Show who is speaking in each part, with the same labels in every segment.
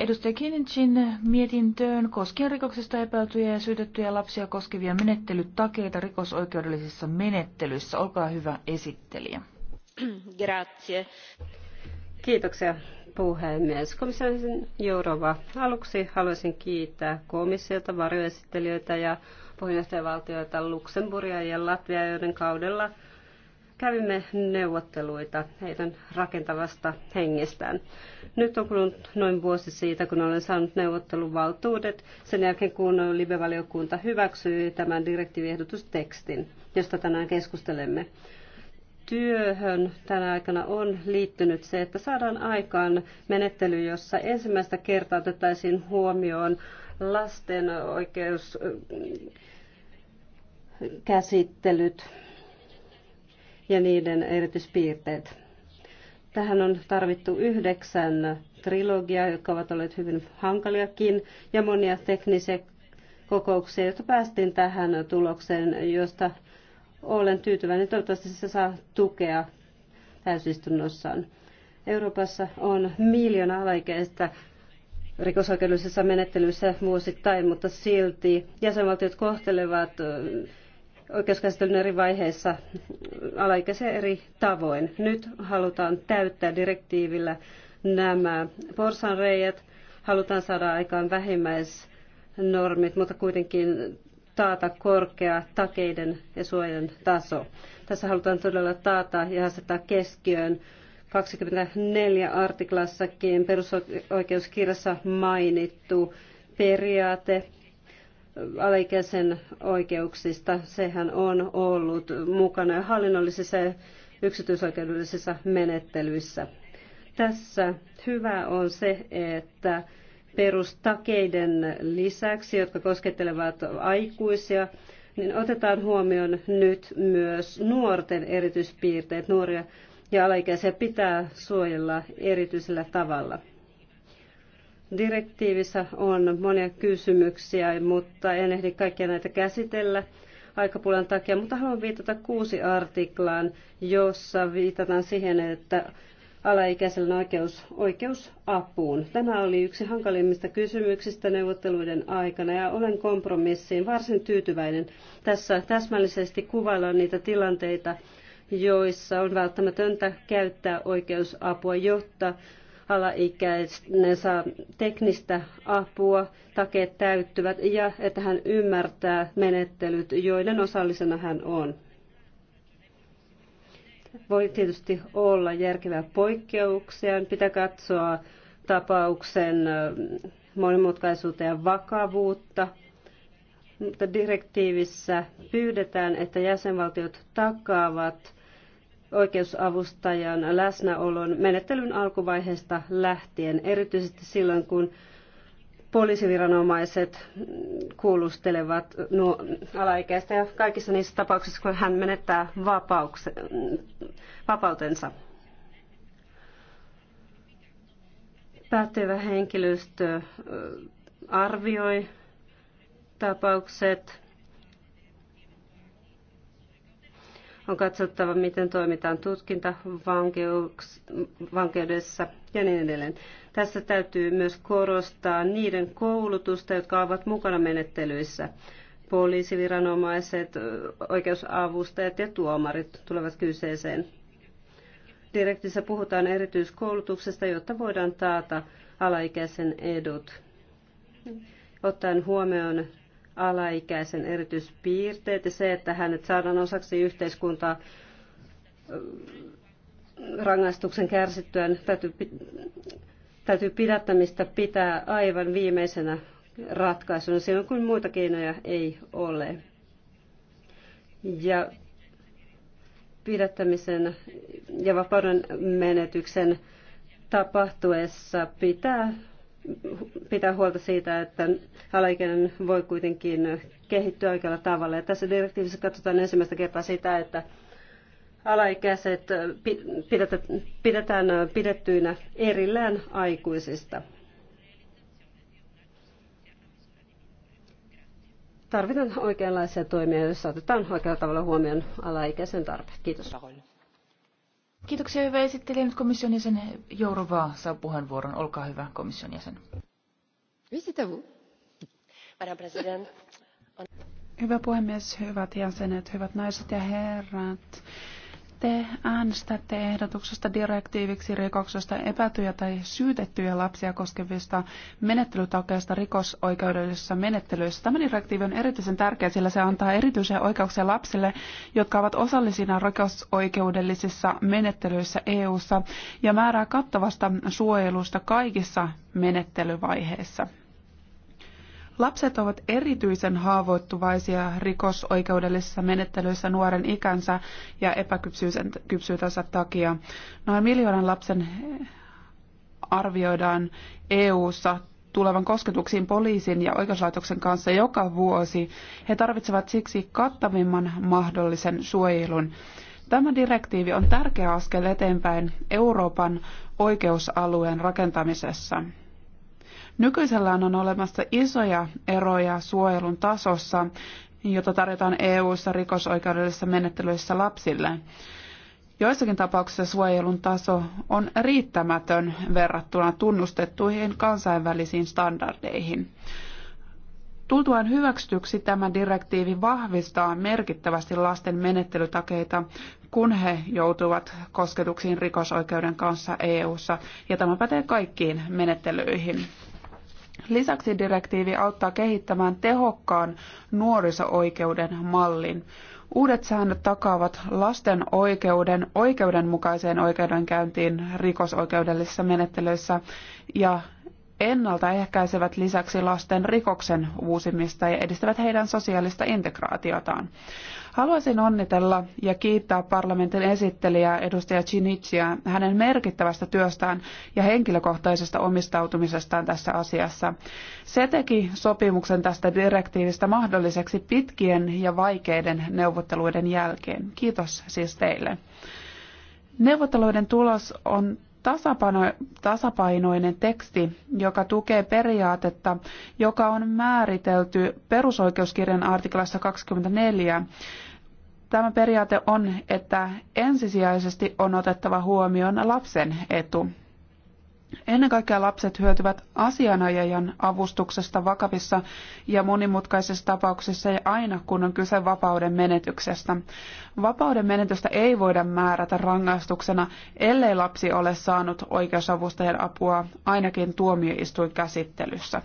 Speaker 1: edustaja Kinnitsin mietintöön koskien rikoksesta epäiltyjä ja syytettyjä lapsia koskevia menettelytakeita rikosoikeudellisissa menettelyissä. Olkaa hyvä
Speaker 2: esittelijä. Grazie. Kiitoksia puhemies. Komissaarisen Jourova, aluksi haluaisin kiittää komissiota, varjoesittelijöitä ja puheenjohtajavaltioita Luxemburgia ja Latvia, joiden kaudella – kävimme neuvotteluita heidän rakentavasta hengestään. Nyt on kulunut noin vuosi siitä, kun olen saanut neuvotteluvaltuudet sen jälkeen, kun libevaliokunta hyväksyi tämän direktiiviehdotustekstin, josta tänään keskustelemme. Työhön tänä aikana on liittynyt se, että saadaan aikaan menettely, jossa ensimmäistä kertaa otettaisiin huomioon lasten oikeuskäsittelyt ja niiden erityispiirteet. Tähän on tarvittu yhdeksän trilogiaa, jotka ovat olleet hyvin hankaliakin, ja monia teknisiä kokouksia, joita päästiin tähän tulokseen, josta olen tyytyväinen. Toivottavasti se saa tukea täysistunnossaan. Euroopassa on miljoona alaikäistä rikosoikeudellisessa menettelyissä vuosittain, mutta silti jäsenvaltiot kohtelevat oikeuskäsittelyn eri vaiheissa alaikäisiä eri tavoin. Nyt halutaan täyttää direktiivillä nämä porsanreijät, halutaan saada aikaan vähimmäisnormit, mutta kuitenkin taata korkea takeiden ja suojan taso. Tässä halutaan todella taata ja asettaa keskiöön 24 artiklassakin perusoikeuskirjassa mainittu periaate alaikäisen oikeuksista. Sehän on ollut mukana hallinnollisissa ja yksityisoikeudellisissa menettelyissä. Tässä hyvä on se, että perustakeiden lisäksi, jotka koskettelevat aikuisia, niin otetaan huomioon nyt myös nuorten erityispiirteet. Nuoria ja alaikäisiä pitää suojella erityisellä tavalla. Direktiivissä on monia kysymyksiä, mutta en ehdi kaikkia näitä käsitellä aikapulan takia, mutta haluan viitata kuusi artiklaan, jossa viitataan siihen, että alaikäisellä on oikeus, oikeus apuun. Tämä oli yksi hankalimmista kysymyksistä neuvotteluiden aikana ja olen kompromissiin varsin tyytyväinen. Tässä täsmällisesti kuvaillaan niitä tilanteita, joissa on välttämätöntä käyttää oikeusapua, jotta alaikäinen saa teknistä apua, takeet täyttyvät ja että hän ymmärtää menettelyt, joiden osallisena hän on. Voi tietysti olla järkevää poikkeuksia, pitää katsoa tapauksen monimutkaisuutta ja vakavuutta, mutta direktiivissä pyydetään, että jäsenvaltiot takaavat oikeusavustajan läsnäolon menettelyn alkuvaiheesta lähtien, erityisesti silloin kun poliisiviranomaiset kuulustelevat nuo alaikäistä ja kaikissa niissä tapauksissa, kun hän menettää vapautensa. Päättyvä henkilöstö arvioi tapaukset On katsottava, miten toimitaan tutkinta vankeudessa ja niin edelleen. Tässä täytyy myös korostaa niiden koulutusta, jotka ovat mukana menettelyissä. Poliisiviranomaiset, oikeusavustajat ja tuomarit tulevat kyseeseen. Direktissä puhutaan erityiskoulutuksesta, jotta voidaan taata alaikäisen edut. Ottaen huomioon alaikäisen erityispiirteet ja se, että hänet saadaan osaksi yhteiskuntaa rangaistuksen kärsittyään, täytyy, täytyy pidättämistä pitää aivan viimeisenä ratkaisuna silloin, kun muita keinoja ei ole. Ja pidättämisen ja vapauden menetyksen tapahtuessa pitää pitää huolta siitä, että alaikäinen voi kuitenkin kehittyä oikealla tavalla. Ja tässä direktiivissä katsotaan ensimmäistä kertaa sitä, että alaikäiset pidetään pidettyinä erillään aikuisista. Tarvitaan oikeanlaisia toimia, joissa otetaan oikealla tavalla huomioon alaikäisen tarpeet. Kiitos.
Speaker 1: Kiitoksia hyvä esittelijä. Nyt komission jäsen Jourova saa puheenvuoron. Olkaa hyvä komission jäsen.
Speaker 3: Hyvä puhemies, hyvät jäsenet, hyvät naiset ja herrat. Te äänestätte ehdotuksesta direktiiviksi rikoksesta epätyjä tai syytettyjä lapsia koskevista menettelytakeista rikosoikeudellisissa menettelyissä. Tämä direktiivi on erityisen tärkeä, sillä se antaa erityisiä oikeuksia lapsille, jotka ovat osallisina rikosoikeudellisissa menettelyissä EU:ssa ja määrää kattavasta suojelusta kaikissa menettelyvaiheissa. Lapset ovat erityisen haavoittuvaisia rikosoikeudellisissa menettelyissä nuoren ikänsä ja epäkypsyytensä takia. Noin miljoonan lapsen arvioidaan EU-ssa tulevan kosketuksiin poliisin ja oikeuslaitoksen kanssa joka vuosi. He tarvitsevat siksi kattavimman mahdollisen suojelun. Tämä direktiivi on tärkeä askel eteenpäin Euroopan oikeusalueen rakentamisessa. Nykyisellään on olemassa isoja eroja suojelun tasossa, jota tarjotaan EU-ssa rikosoikeudellisissa menettelyissä lapsille. Joissakin tapauksissa suojelun taso on riittämätön verrattuna tunnustettuihin kansainvälisiin standardeihin. Tultuaan hyväksytyksi tämä direktiivi vahvistaa merkittävästi lasten menettelytakeita, kun he joutuvat kosketuksiin rikosoikeuden kanssa EU:ssa, ja tämä pätee kaikkiin menettelyihin. Lisäksi direktiivi auttaa kehittämään tehokkaan nuoriso-oikeuden mallin. Uudet säännöt takaavat lasten oikeuden oikeudenmukaiseen oikeudenkäyntiin rikosoikeudellisissa menettelyissä ja ennaltaehkäisevät lisäksi lasten rikoksen uusimista ja edistävät heidän sosiaalista integraatiotaan. Haluaisin onnitella ja kiittää parlamentin esittelijää edustaja Chinichia hänen merkittävästä työstään ja henkilökohtaisesta omistautumisestaan tässä asiassa. Se teki sopimuksen tästä direktiivistä mahdolliseksi pitkien ja vaikeiden neuvotteluiden jälkeen. Kiitos siis teille. Neuvotteluiden tulos on tasapaino, tasapainoinen teksti, joka tukee periaatetta, joka on määritelty perusoikeuskirjan artiklassa 24. Tämä periaate on, että ensisijaisesti on otettava huomioon lapsen etu. Ennen kaikkea lapset hyötyvät asianajajan avustuksesta vakavissa ja monimutkaisissa tapauksissa ja aina kun on kyse vapauden menetyksestä. Vapauden menetystä ei voida määrätä rangaistuksena, ellei lapsi ole saanut oikeusavustajan apua ainakin tuomioistuinkäsittelyssä.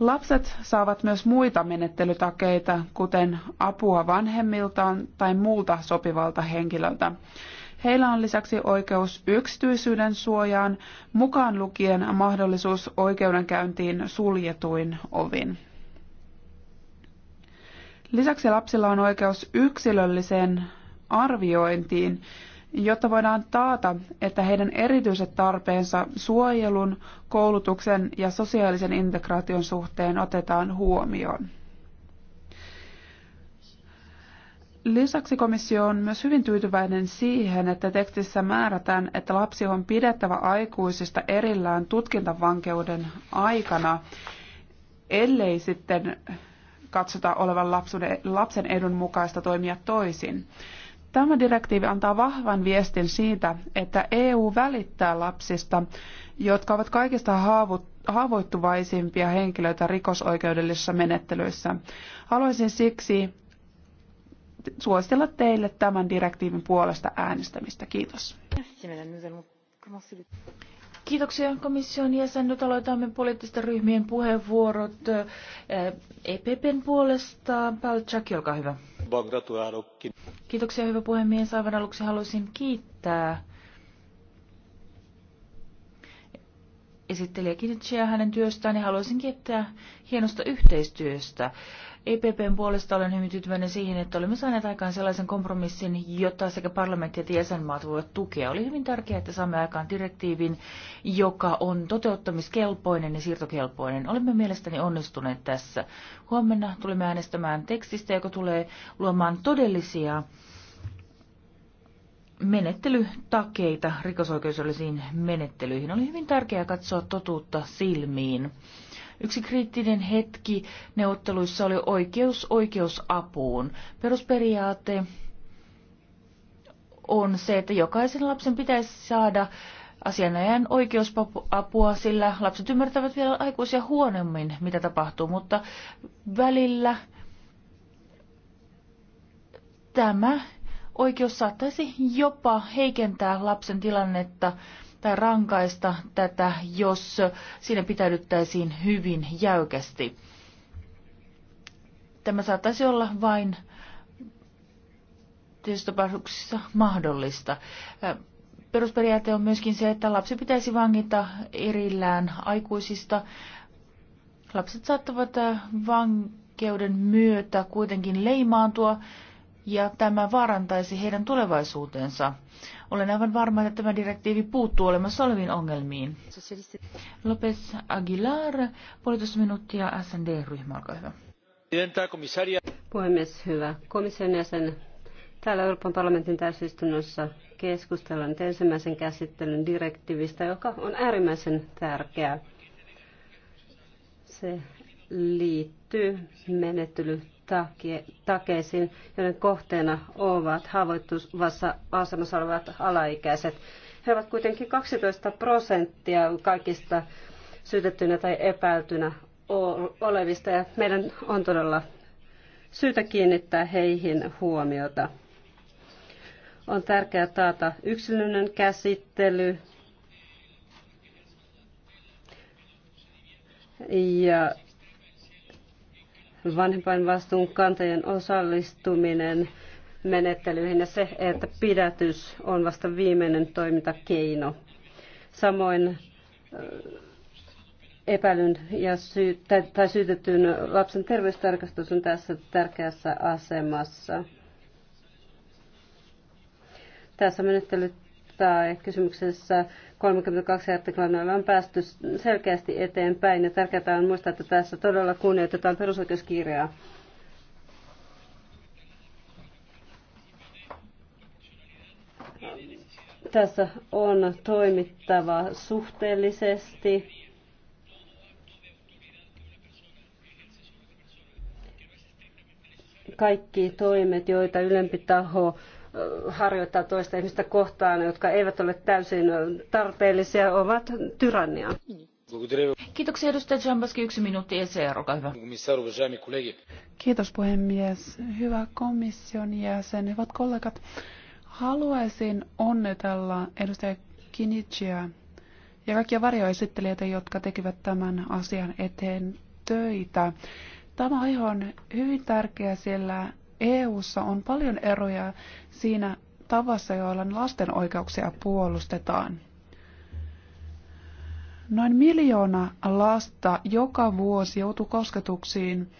Speaker 3: Lapset saavat myös muita menettelytakeita, kuten apua vanhemmiltaan tai muulta sopivalta henkilöltä. Heillä on lisäksi oikeus yksityisyyden suojaan, mukaan lukien mahdollisuus oikeudenkäyntiin suljetuin ovin. Lisäksi lapsilla on oikeus yksilölliseen arviointiin, jotta voidaan taata, että heidän erityiset tarpeensa suojelun, koulutuksen ja sosiaalisen integraation suhteen otetaan huomioon. Lisäksi komissio on myös hyvin tyytyväinen siihen, että tekstissä määrätään, että lapsi on pidettävä aikuisista erillään tutkintavankeuden aikana, ellei sitten katsota olevan lapsen edun mukaista toimia toisin. Tämä direktiivi antaa vahvan viestin siitä, että EU välittää lapsista, jotka ovat kaikista haavoittuvaisimpia henkilöitä rikosoikeudellisissa menettelyissä. Haluaisin siksi suositella teille tämän direktiivin puolesta äänestämistä. Kiitos.
Speaker 1: Kiitoksia komission jäsen. Nyt aloitamme poliittisten ryhmien puheenvuorot. EPPn eh, e puolesta Palchak, olkaa hyvä. Kiitoksia hyvä puhemies. Aivan aluksi haluaisin kiittää esittelijä Kinitsiä hänen työstään ja haluaisin kiittää hienosta yhteistyöstä. EPPn puolesta olen hyvin tyytyväinen siihen, että olemme saaneet aikaan sellaisen kompromissin, jota sekä parlamentti että jäsenmaat voivat tukea. Oli hyvin tärkeää, että saamme aikaan direktiivin, joka on toteuttamiskelpoinen ja siirtokelpoinen. Olemme mielestäni onnistuneet tässä. Huomenna tulemme äänestämään tekstistä, joka tulee luomaan todellisia menettelytakeita rikosoikeudellisiin menettelyihin. Oli hyvin tärkeää katsoa totuutta silmiin. Yksi kriittinen hetki neuvotteluissa oli oikeus oikeusapuun. Perusperiaate on se, että jokaisen lapsen pitäisi saada asianajan oikeusapua, sillä lapset ymmärtävät vielä aikuisia huonommin, mitä tapahtuu, mutta välillä tämä oikeus saattaisi jopa heikentää lapsen tilannetta tai rankaista tätä, jos siinä pitäydyttäisiin hyvin jäykästi. Tämä saattaisi olla vain tietyissä tapauksissa mahdollista. Perusperiaate on myöskin se, että lapsi pitäisi vangita erillään aikuisista. Lapset saattavat vankeuden myötä kuitenkin leimaantua ja tämä vaarantaisi heidän tulevaisuutensa. Olen aivan varma, että tämä direktiivi puuttuu olemassa oleviin ongelmiin.
Speaker 2: Lopez Aguilar, puolitoista minuuttia SND-ryhmä, olkaa hyvä. Puhemies, hyvä. Komission jäsen, täällä Euroopan parlamentin täysistunnossa keskustellaan ensimmäisen käsittelyn direktiivistä, joka on äärimmäisen tärkeä. Se liittyy menettelyyn takeisiin, joiden kohteena ovat haavoittuvassa asemassa olevat alaikäiset. He ovat kuitenkin 12 prosenttia kaikista syytettynä tai epäiltynä olevista ja meidän on todella syytä kiinnittää heihin huomiota. On tärkeää taata yksilöllinen käsittely ja vanhempainvastuun kantajien osallistuminen menettelyihin ja se, että pidätys on vasta viimeinen toimintakeino. Samoin epäilyn ja syy, tai, tai syytetyn lapsen terveystarkastus on tässä tärkeässä asemassa. Tässä menettelyt tai kysymyksessä 32 artiklan on päästy selkeästi eteenpäin. Ja tärkeää on muistaa, että tässä todella kunnioitetaan perusoikeuskirjaa. Tässä on toimittava suhteellisesti. Kaikki toimet, joita ylempi taho harjoittaa toista ihmistä kohtaan, jotka eivät ole täysin tarpeellisia, ovat tyrannia.
Speaker 3: Kiitoksia edustaja Jambaski.
Speaker 1: Yksi minuutti e olkaa hyvä.
Speaker 3: Kiitos puhemies. Hyvä komission jäsen, hyvät kollegat. Haluaisin onnitella edustaja Kinichia ja kaikkia varjoesittelijöitä, jotka tekivät tämän asian eteen töitä. Tämä aihe on hyvin tärkeä, sillä EU:ssa on paljon eroja siinä tavassa, joilla lasten oikeuksia puolustetaan. Noin miljoona lasta joka vuosi joutuu kosketuksiin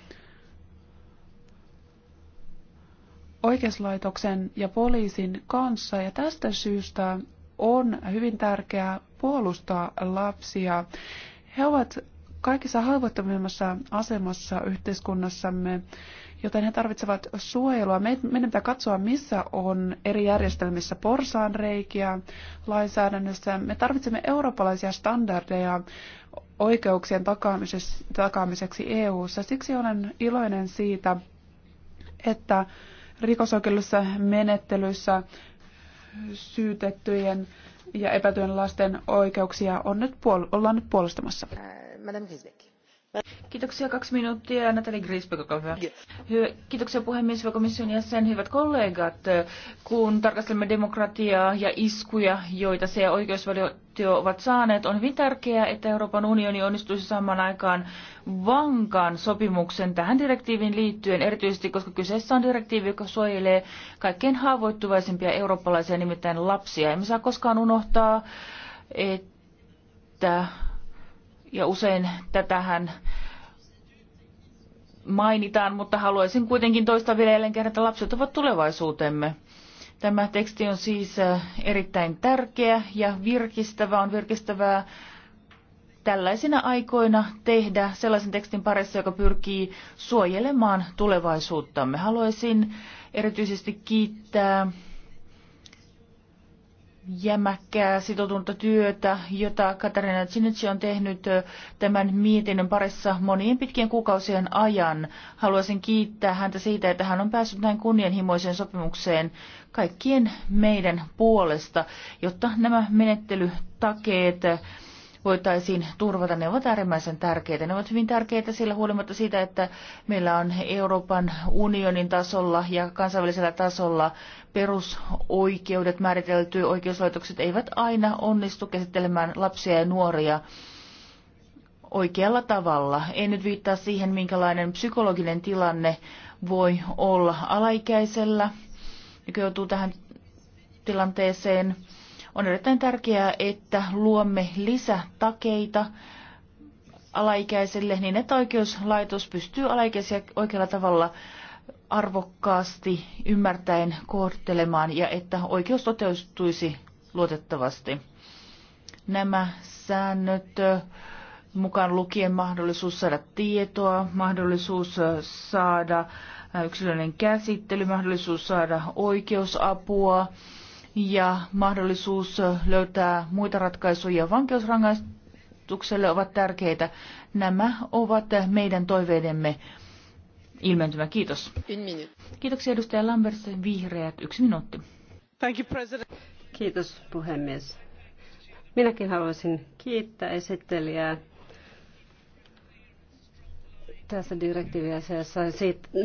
Speaker 3: oikeuslaitoksen ja poliisin kanssa ja tästä syystä on hyvin tärkeää puolustaa lapsia. He ovat kaikissa haavoittavimmassa asemassa yhteiskunnassamme, joten he tarvitsevat suojelua. Meidän pitää katsoa, missä on eri järjestelmissä porsaanreikiä lainsäädännössä. Me tarvitsemme eurooppalaisia standardeja oikeuksien takaamiseksi EU-ssa. Siksi olen iloinen siitä, että rikosoikeudellisessa menettelyssä syytettyjen ja epätyön lasten oikeuksia on nyt puol- ollaan nyt puolustamassa.
Speaker 1: Kiitoksia kaksi minuuttia. Natalie Grisbeck, olkaa hyvä. Kiitoksia puhemies, hyvä komission jäsen, hyvät kollegat. Kun tarkastelemme demokratiaa ja iskuja, joita se ja oikeusvaltio ovat saaneet, on hyvin tärkeää, että Euroopan unioni onnistuisi saamaan aikaan vankan sopimuksen tähän direktiiviin liittyen, erityisesti koska kyseessä on direktiivi, joka suojelee kaikkein haavoittuvaisimpia eurooppalaisia, nimittäin lapsia. Emme saa koskaan unohtaa, että ja usein tätähän mainitaan, mutta haluaisin kuitenkin toistaa vielä jälleen kerran, että lapset ovat tulevaisuutemme. Tämä teksti on siis äh, erittäin tärkeä ja virkistävä. On virkistävää tällaisina aikoina tehdä sellaisen tekstin parissa, joka pyrkii suojelemaan tulevaisuuttamme. Haluaisin erityisesti kiittää jämäkkää sitoutunutta työtä, jota Katarina Cinici on tehnyt tämän mietinnön parissa monien pitkien kuukausien ajan. Haluaisin kiittää häntä siitä, että hän on päässyt näin kunnianhimoiseen sopimukseen kaikkien meidän puolesta, jotta nämä menettelytakeet voitaisiin turvata. Ne ovat äärimmäisen tärkeitä. Ne ovat hyvin tärkeitä sillä huolimatta siitä, että meillä on Euroopan unionin tasolla ja kansainvälisellä tasolla perusoikeudet määritelty. Oikeuslaitokset eivät aina onnistu käsittelemään lapsia ja nuoria oikealla tavalla. En nyt viittaa siihen, minkälainen psykologinen tilanne voi olla alaikäisellä, joka joutuu tähän tilanteeseen. On erittäin tärkeää, että luomme lisätakeita alaikäiselle niin, että oikeuslaitos pystyy alaikäisiä oikealla tavalla arvokkaasti ymmärtäen kohtelemaan ja että oikeus toteutuisi luotettavasti. Nämä säännöt mukaan lukien mahdollisuus saada tietoa, mahdollisuus saada yksilöllinen käsittely, mahdollisuus saada oikeusapua, ja mahdollisuus löytää muita ratkaisuja vankeusrangaistukselle ovat tärkeitä. Nämä ovat meidän toiveidemme ilmentymä. Kiitos. Kiitoksia edustaja Lambert, vihreät, yksi minuutti.
Speaker 2: Thank you, president. Kiitos puhemies. Minäkin haluaisin kiittää esittelijää tässä direktiiviasiassa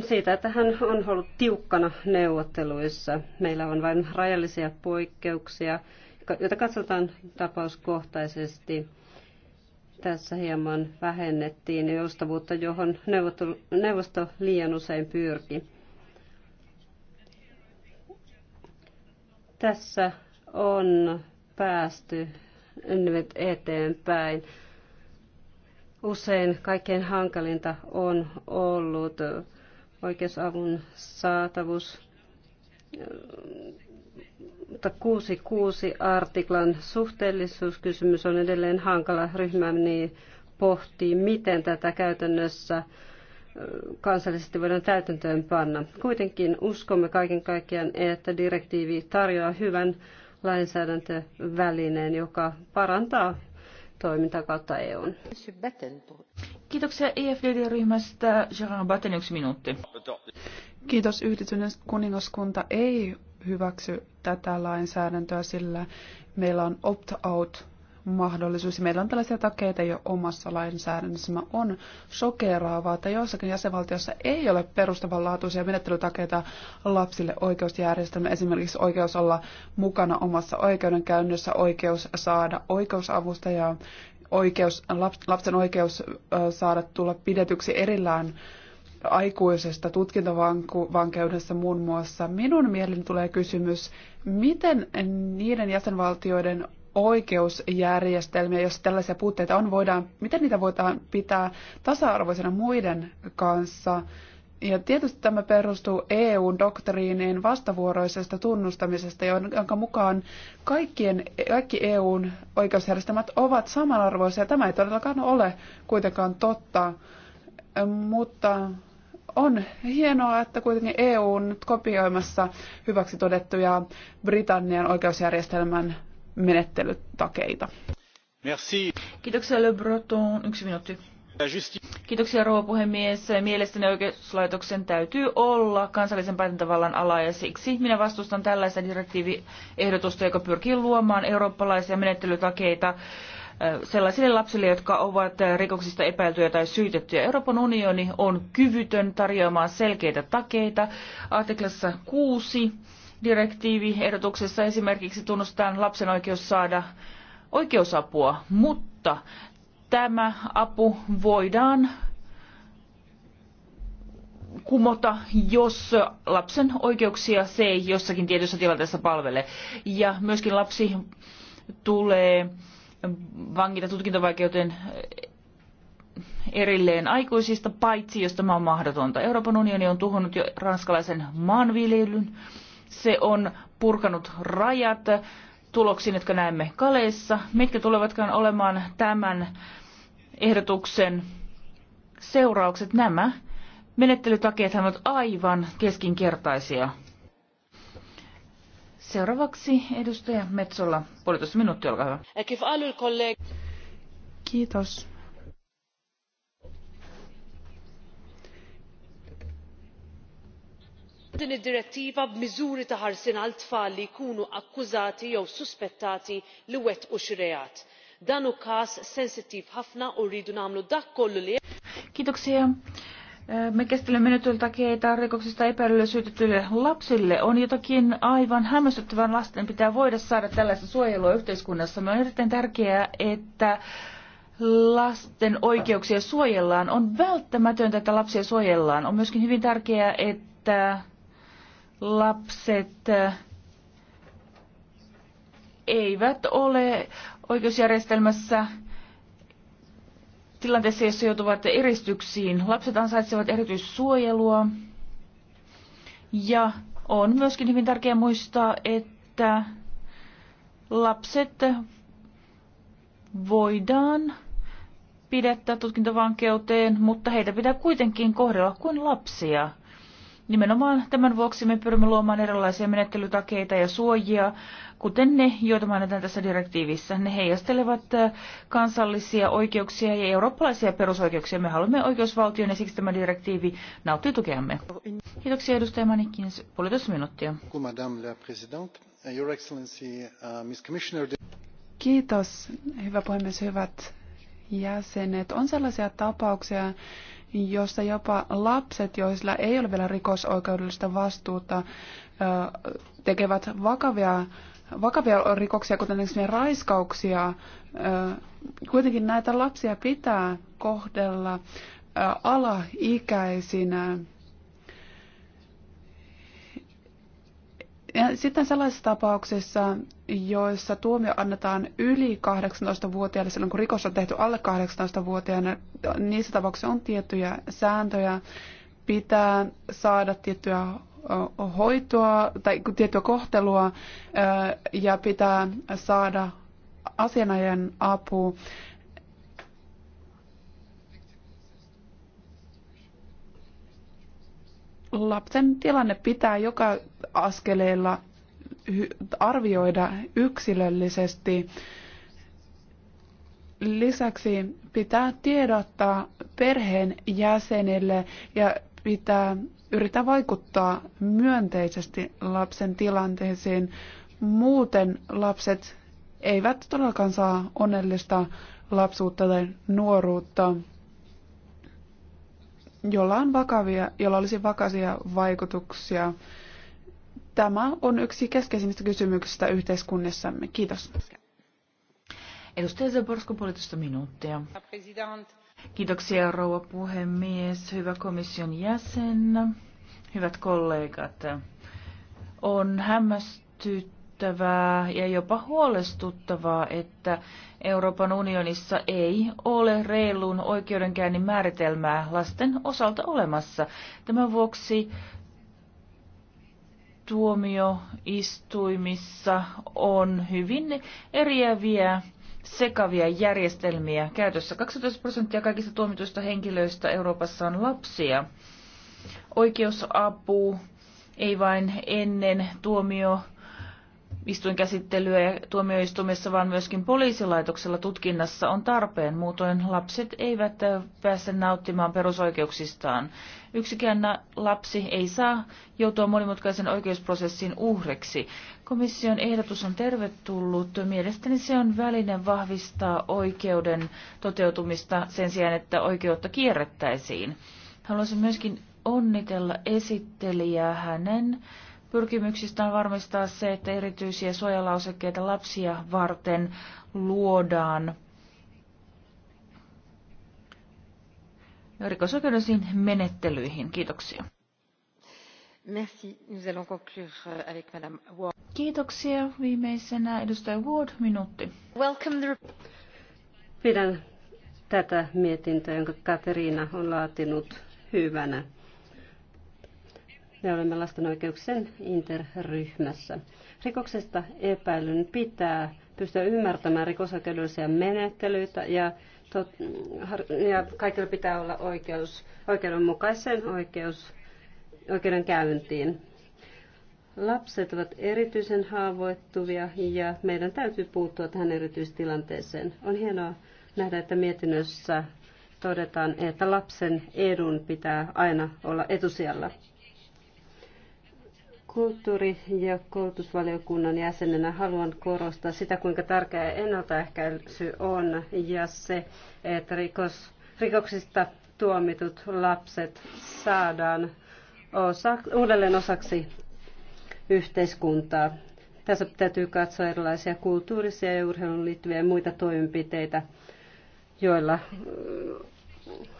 Speaker 2: siitä, että hän on ollut tiukkana neuvotteluissa. Meillä on vain rajallisia poikkeuksia, joita katsotaan tapauskohtaisesti. Tässä hieman vähennettiin joustavuutta, johon neuvosto liian usein pyrki. Tässä on päästy nyt eteenpäin. Usein kaikkein hankalinta on ollut oikeusavun saatavuus. Mutta 66 artiklan suhteellisuuskysymys on edelleen hankala ryhmäni niin pohtii, miten tätä käytännössä kansallisesti voidaan täytäntöön panna. Kuitenkin uskomme kaiken kaikkiaan, että direktiivi tarjoaa hyvän lainsäädäntövälineen, joka parantaa toiminta kautta EUn.
Speaker 3: Kiitoksia EFDD-ryhmästä. Jean Batten, yksi minuutti. Kiitos. Yhdistynyt kuningaskunta ei hyväksy tätä lainsäädäntöä, sillä meillä on opt-out mahdollisuus. Meillä on tällaisia takeita jo omassa lainsäädännössämme. On sokeraavaa, että joissakin jäsenvaltiossa ei ole perustavanlaatuisia menettelytakeita lapsille oikeusjärjestelmä. Esimerkiksi oikeus olla mukana omassa oikeudenkäynnissä, oikeus saada oikeusavustajaa, oikeus, lapsen oikeus saada tulla pidetyksi erillään aikuisesta tutkintavankeudessa muun muassa. Minun mieleen tulee kysymys, miten niiden jäsenvaltioiden oikeusjärjestelmiä, jos tällaisia puutteita on, voidaan, miten niitä voidaan pitää tasa-arvoisena muiden kanssa. Ja tietysti tämä perustuu EU-doktriiniin vastavuoroisesta tunnustamisesta, jonka mukaan kaikkien, kaikki EUn oikeusjärjestelmät ovat samanarvoisia. Tämä ei todellakaan ole kuitenkaan totta, mutta on hienoa, että kuitenkin EU on nyt kopioimassa hyväksi todettuja Britannian oikeusjärjestelmän menettelytakeita.
Speaker 1: Merci. Kiitoksia Le Breton. Yksi minuutti. Kiitoksia rouva puhemies. Mielestäni oikeuslaitoksen täytyy olla kansallisen päätäntävallan ala ja siksi minä vastustan tällaista direktiiviehdotusta, joka pyrkii luomaan eurooppalaisia menettelytakeita äh, sellaisille lapsille, jotka ovat rikoksista epäiltyjä tai syytettyjä. Euroopan unioni on kyvytön tarjoamaan selkeitä takeita. Artiklassa 6 direktiiviehdotuksessa esimerkiksi tunnustetaan lapsen oikeus saada oikeusapua, mutta tämä apu voidaan kumota, jos lapsen oikeuksia se ei jossakin tietyssä tilanteessa palvele. Ja myöskin lapsi tulee vangita tutkintavaikeuteen erilleen aikuisista, paitsi jos tämä on mahdotonta. Euroopan unioni on tuhonnut jo ranskalaisen maanviljelyn se on purkanut rajat tuloksiin, jotka näemme Kaleissa. Mitkä tulevatkaan olemaan tämän ehdotuksen seuraukset? Nämä menettelytakeet ovat aivan keskinkertaisia. Seuraavaksi edustaja Metsola, puolitoista minuuttia, olkaa hyvä. Kiitos
Speaker 2: din id-direttiva b'miżuri ta' ħarsien għal tfal li jkunu akkużati jew suspettati li wettqu xi reat. dan hu każ sensittiv ħafna u rridu nagħmlu dak kollu li.
Speaker 1: Kiitoksia. Me käsittelemme nyt takeita rikoksista epäilylle syytetyille lapsille. On jotakin aivan hämmästyttävän lasten pitää voida saada tällaista suojelua yhteiskunnassa. Me on erittäin tärkeää, että lasten oikeuksia suojellaan. On välttämätöntä, että lapsia suojellaan. On myöskin hyvin tärkeää, että lapset äh, eivät ole oikeusjärjestelmässä tilanteessa, jossa joutuvat eristyksiin. Lapset ansaitsevat erityissuojelua. Ja on myöskin hyvin tärkeää muistaa, että lapset voidaan pidättää tutkintavankeuteen, mutta heitä pitää kuitenkin kohdella kuin lapsia. Nimenomaan tämän vuoksi me pyrimme luomaan erilaisia menettelytakeita ja suojia, kuten ne, joita mainitaan tässä direktiivissä. Ne heijastelevat äh, kansallisia oikeuksia ja eurooppalaisia perusoikeuksia. Me haluamme oikeusvaltion ja siksi tämä direktiivi nauttii tukeamme. Kiitoksia edustaja Manikins. Puolitoista minuuttia.
Speaker 2: Uh,
Speaker 3: Kiitos, hyvä puhemies, hyvät jäsenet. On sellaisia tapauksia, jossa jopa lapset, joilla ei ole vielä rikosoikeudellista vastuuta, tekevät vakavia, vakavia rikoksia, kuten esimerkiksi raiskauksia. Kuitenkin näitä lapsia pitää kohdella alaikäisinä. Ja sitten sellaisissa tapauksissa, joissa tuomio annetaan yli 18-vuotiaille, silloin kun rikos on tehty alle 18-vuotiaana, niissä tapauksissa on tiettyjä sääntöjä. Pitää saada tiettyä hoitoa tai tiettyä kohtelua ja pitää saada asianajan apu. lapsen tilanne pitää joka askeleella arvioida yksilöllisesti. Lisäksi pitää tiedottaa perheen jäsenille ja pitää yrittää vaikuttaa myönteisesti lapsen tilanteeseen. Muuten lapset eivät todellakaan saa onnellista lapsuutta tai nuoruutta jolla, on vakavia, jolla olisi vakaisia vaikutuksia. Tämä on yksi keskeisimmistä kysymyksistä yhteiskunnissamme. Kiitos.
Speaker 1: Edustaja Zaborsko, puolitoista minuuttia. Kiitoksia, rouva puhemies, hyvä komission jäsen, hyvät kollegat. On hämmästyt hälyttävää ja jopa huolestuttavaa, että Euroopan unionissa ei ole reilun oikeudenkäynnin määritelmää lasten osalta olemassa. Tämän vuoksi tuomioistuimissa on hyvin eriäviä sekavia järjestelmiä. Käytössä 12 prosenttia kaikista tuomituista henkilöistä Euroopassa on lapsia. Oikeusapu ei vain ennen tuomio istuinkäsittelyä ja tuomioistuimessa, vaan myöskin poliisilaitoksella tutkinnassa on tarpeen. Muutoin lapset eivät pääse nauttimaan perusoikeuksistaan. Yksikään lapsi ei saa joutua monimutkaisen oikeusprosessin uhreksi. Komission ehdotus on tervetullut. Mielestäni se on väline vahvistaa oikeuden toteutumista sen sijaan, että oikeutta kierrettäisiin. Haluaisin myöskin onnitella esittelijää hänen on varmistaa se, että erityisiä suojalausekkeita lapsia varten luodaan rikosoikeudellisiin menettelyihin. Kiitoksia.
Speaker 2: Merci. Nous allons conclure euh, avec Madame Ward.
Speaker 1: Kiitoksia. Viimeisenä edustaja Ward, minuutti.
Speaker 2: Welcome the... Pidän tätä mietintöä, jonka Katerina on laatinut hyvänä. Me olemme lasten oikeuksien interryhmässä. Rikoksesta epäilyn pitää pystyä ymmärtämään rikosoikeudellisia menettelyitä ja, tot, ja kaikilla pitää olla oikeus oikeudenmukaiseen oikeus, oikeudenkäyntiin. Lapset ovat erityisen haavoittuvia ja meidän täytyy puuttua tähän erityistilanteeseen. On hienoa nähdä, että mietinnössä todetaan, että lapsen edun pitää aina olla etusijalla. Kulttuuri- ja koulutusvaliokunnan jäsenenä haluan korostaa sitä, kuinka tärkeä ennaltaehkäisy on ja se, että rikos, rikoksista tuomitut lapset saadaan osa, uudelleen osaksi yhteiskuntaa. Tässä täytyy katsoa erilaisia kulttuurisia ja urheiluun liittyviä ja muita toimenpiteitä, joilla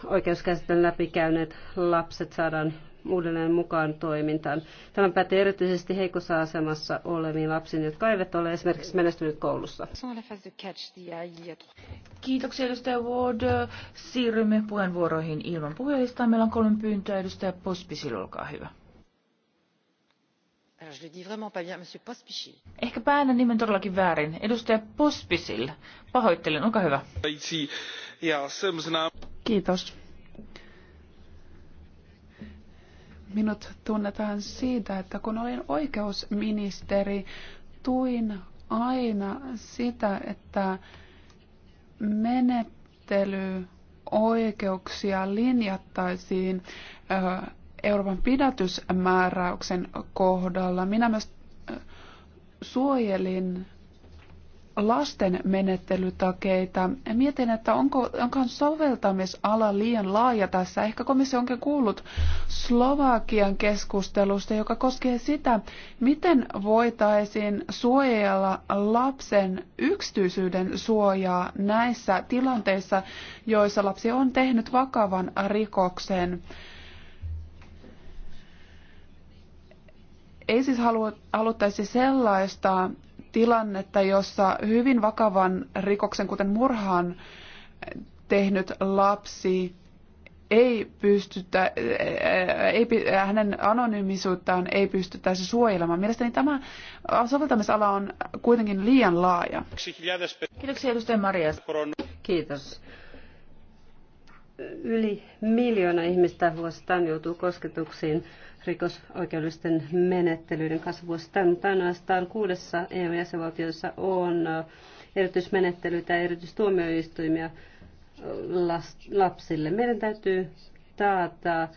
Speaker 2: oikeuskäsittelyn läpikäyneet lapset saadaan uudelleen mukaan toimintaan. Tämä pätee erityisesti heikossa asemassa oleviin lapsiin, jotka eivät ole esimerkiksi menestyneet koulussa.
Speaker 1: Kiitoksia edustaja Ward. Siirrymme puheenvuoroihin ilman puhujalistaa. Meillä on kolme pyyntöä. Edustaja Pospisil, olkaa hyvä. Ehkä päännän nimen todellakin väärin. Edustaja Pospisil. Pahoittelen, olkaa hyvä.
Speaker 3: Kiitos. Minut tunnetaan siitä, että kun olin oikeusministeri, tuin aina sitä, että menettelyoikeuksia linjattaisiin Euroopan pidätysmääräyksen kohdalla. Minä myös suojelin lasten menettelytakeita. Mietin, että onko, onko soveltamisala liian laaja tässä. Ehkä komissio onkin kuullut Slovakian keskustelusta, joka koskee sitä, miten voitaisiin suojella lapsen yksityisyyden suojaa näissä tilanteissa, joissa lapsi on tehnyt vakavan rikoksen. Ei siis halua, haluttaisi sellaista tilannetta, jossa hyvin vakavan rikoksen, kuten murhaan tehnyt lapsi, ei pystytä, ei, hänen anonyymisuuttaan ei pystyttäisi suojelemaan. Mielestäni tämä soveltamisala on kuitenkin
Speaker 2: liian laaja. Kiitoksia edustaja Maria. Kiitos yli miljoona ihmistä vuosittain joutuu kosketuksiin rikosoikeudellisten menettelyiden kanssa vuosittain, mutta ainoastaan kuudessa EU-jäsenvaltiossa on erityismenettelyitä ja erityistuomioistuimia lapsille. Meidän täytyy taata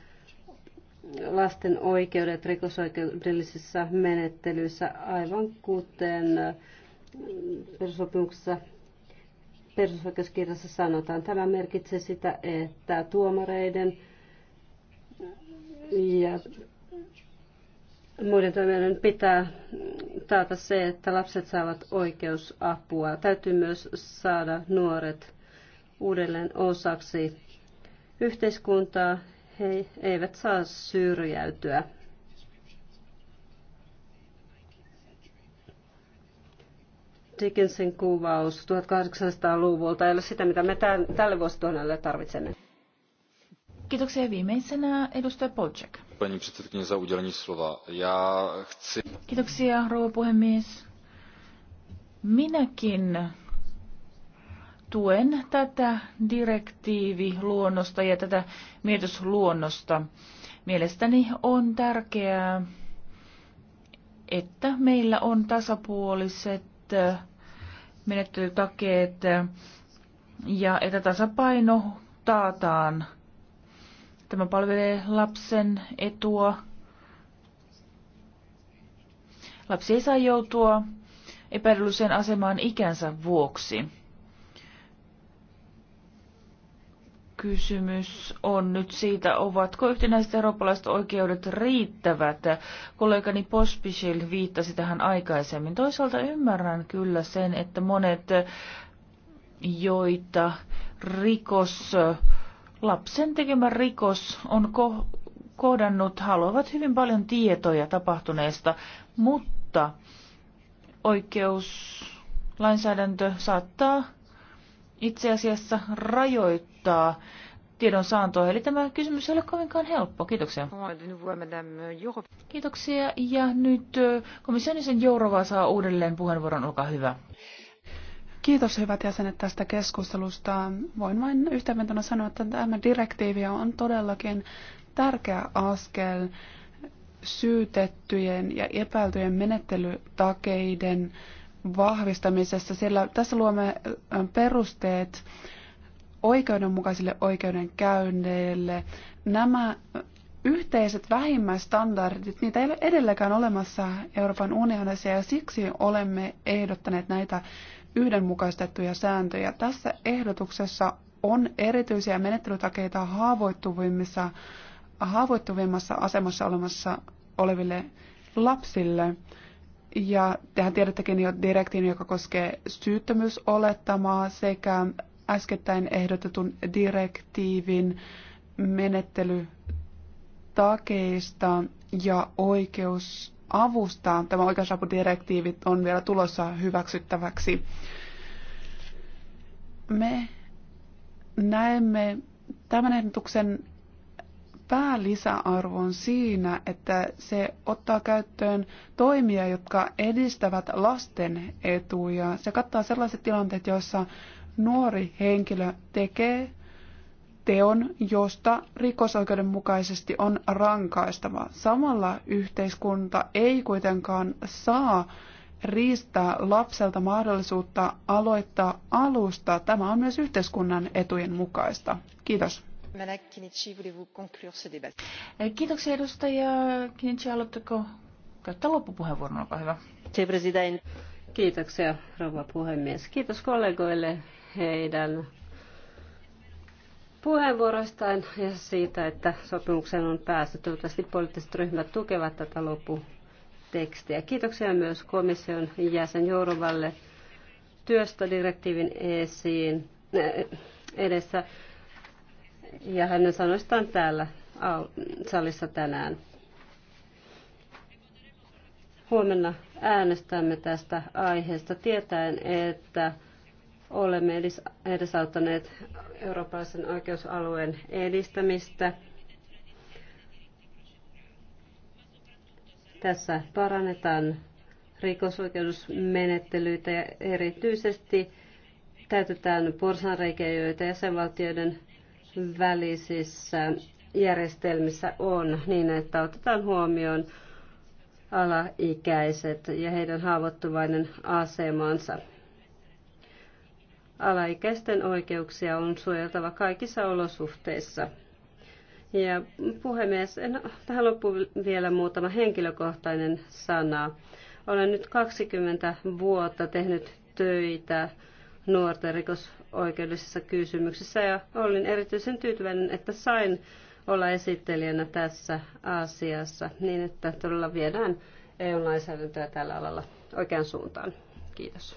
Speaker 2: lasten oikeudet rikosoikeudellisissa menettelyissä, aivan kuten perusopimuksessa perusoikeuskirjassa sanotaan. Tämä merkitsee sitä, että tuomareiden ja muiden toimijoiden pitää taata se, että lapset saavat oikeusapua. Täytyy myös saada nuoret uudelleen osaksi yhteiskuntaa. He eivät saa syrjäytyä. Dickensin kuvaus 1800-luvulta ei ole sitä, mitä me tämän, tälle vuosituhannelle tarvitsemme.
Speaker 1: Kiitoksia viimeisenä edustaja Polček. Kiitoksia rouva puhemies. Minäkin tuen tätä direktiiviluonnosta ja tätä mietosluonnosta. Mielestäni on tärkeää, että meillä on tasapuoliset menettelytakeet ja että tasapaino taataan. Tämä palvelee lapsen etua. Lapsi ei saa joutua epäedulliseen asemaan ikänsä vuoksi. kysymys on nyt siitä, ovatko yhtenäiset eurooppalaiset oikeudet riittävät. Kollegani Pospisil viittasi tähän aikaisemmin. Toisaalta ymmärrän kyllä sen, että monet, joita rikos, lapsen tekemä rikos on ko- kohdannut, haluavat hyvin paljon tietoja tapahtuneesta, mutta oikeuslainsäädäntö saattaa itse asiassa rajoittaa tiedon saantoa. Eli tämä kysymys ei ole kovinkaan helppo. Kiitoksia. Kiitoksia. Ja nyt komissionisen Jourova saa uudelleen puheenvuoron. Olkaa hyvä.
Speaker 3: Kiitos hyvät jäsenet tästä keskustelusta. Voin vain yhteenvetona sanoa, että tämä direktiivi on todellakin tärkeä askel syytettyjen ja epäiltyjen menettelytakeiden vahvistamisessa, sillä tässä luomme perusteet oikeudenmukaisille oikeudenkäynneille. Nämä yhteiset vähimmäistandardit, niitä ei ole edelläkään olemassa Euroopan unionissa ja siksi olemme ehdottaneet näitä yhdenmukaistettuja sääntöjä. Tässä ehdotuksessa on erityisiä menettelytakeita haavoittuvimmissa, haavoittuvimmassa asemassa olemassa oleville lapsille. Ja tehän tiedättekin jo direktiin joka koskee syyttömyysolettamaa sekä äskettäin ehdotetun direktiivin menettelytakeista ja oikeusavusta. Tämä oikeusapudirektiivi on vielä tulossa hyväksyttäväksi. Me näemme tämän ehdotuksen päälisäarvo on siinä, että se ottaa käyttöön toimia, jotka edistävät lasten etuja. Se kattaa sellaiset tilanteet, joissa nuori henkilö tekee teon, josta rikosoikeudenmukaisesti on rankaistava. Samalla yhteiskunta ei kuitenkaan saa riistää lapselta mahdollisuutta aloittaa alusta. Tämä on myös yhteiskunnan etujen mukaista. Kiitos.
Speaker 1: Kiitoksia edustaja
Speaker 2: Kinichi. Haluatteko käyttää loppupuheenvuoron? Olkaa hyvä. Kiitoksia rouva puhemies. Kiitos kollegoille heidän puheenvuoroistaan ja siitä, että sopimukseen on päästy. Toivottavasti poliittiset ryhmät tukevat tätä lopputekstiä. Kiitoksia myös komission jäsen Jourovalle työstä direktiivin esiin eh, edessä ja hänen sanoistaan täällä salissa tänään. Huomenna äänestämme tästä aiheesta tietäen, että olemme edesauttaneet eurooppalaisen oikeusalueen edistämistä. Tässä parannetaan rikosoikeusmenettelyitä ja erityisesti täytetään porsanreikiä, joita jäsenvaltioiden välisissä järjestelmissä on niin, että otetaan huomioon alaikäiset ja heidän haavoittuvainen asemansa. Alaikäisten oikeuksia on suojeltava kaikissa olosuhteissa. Ja puhemies, en, tähän loppuun vielä muutama henkilökohtainen sana. Olen nyt 20 vuotta tehnyt töitä nuorten rikos oikeudellisessa kysymyksissä ja olin erityisen tyytyväinen, että sain olla esittelijänä tässä asiassa niin, että todella viedään EU-lainsäädäntöä tällä alalla oikeaan suuntaan. Kiitos.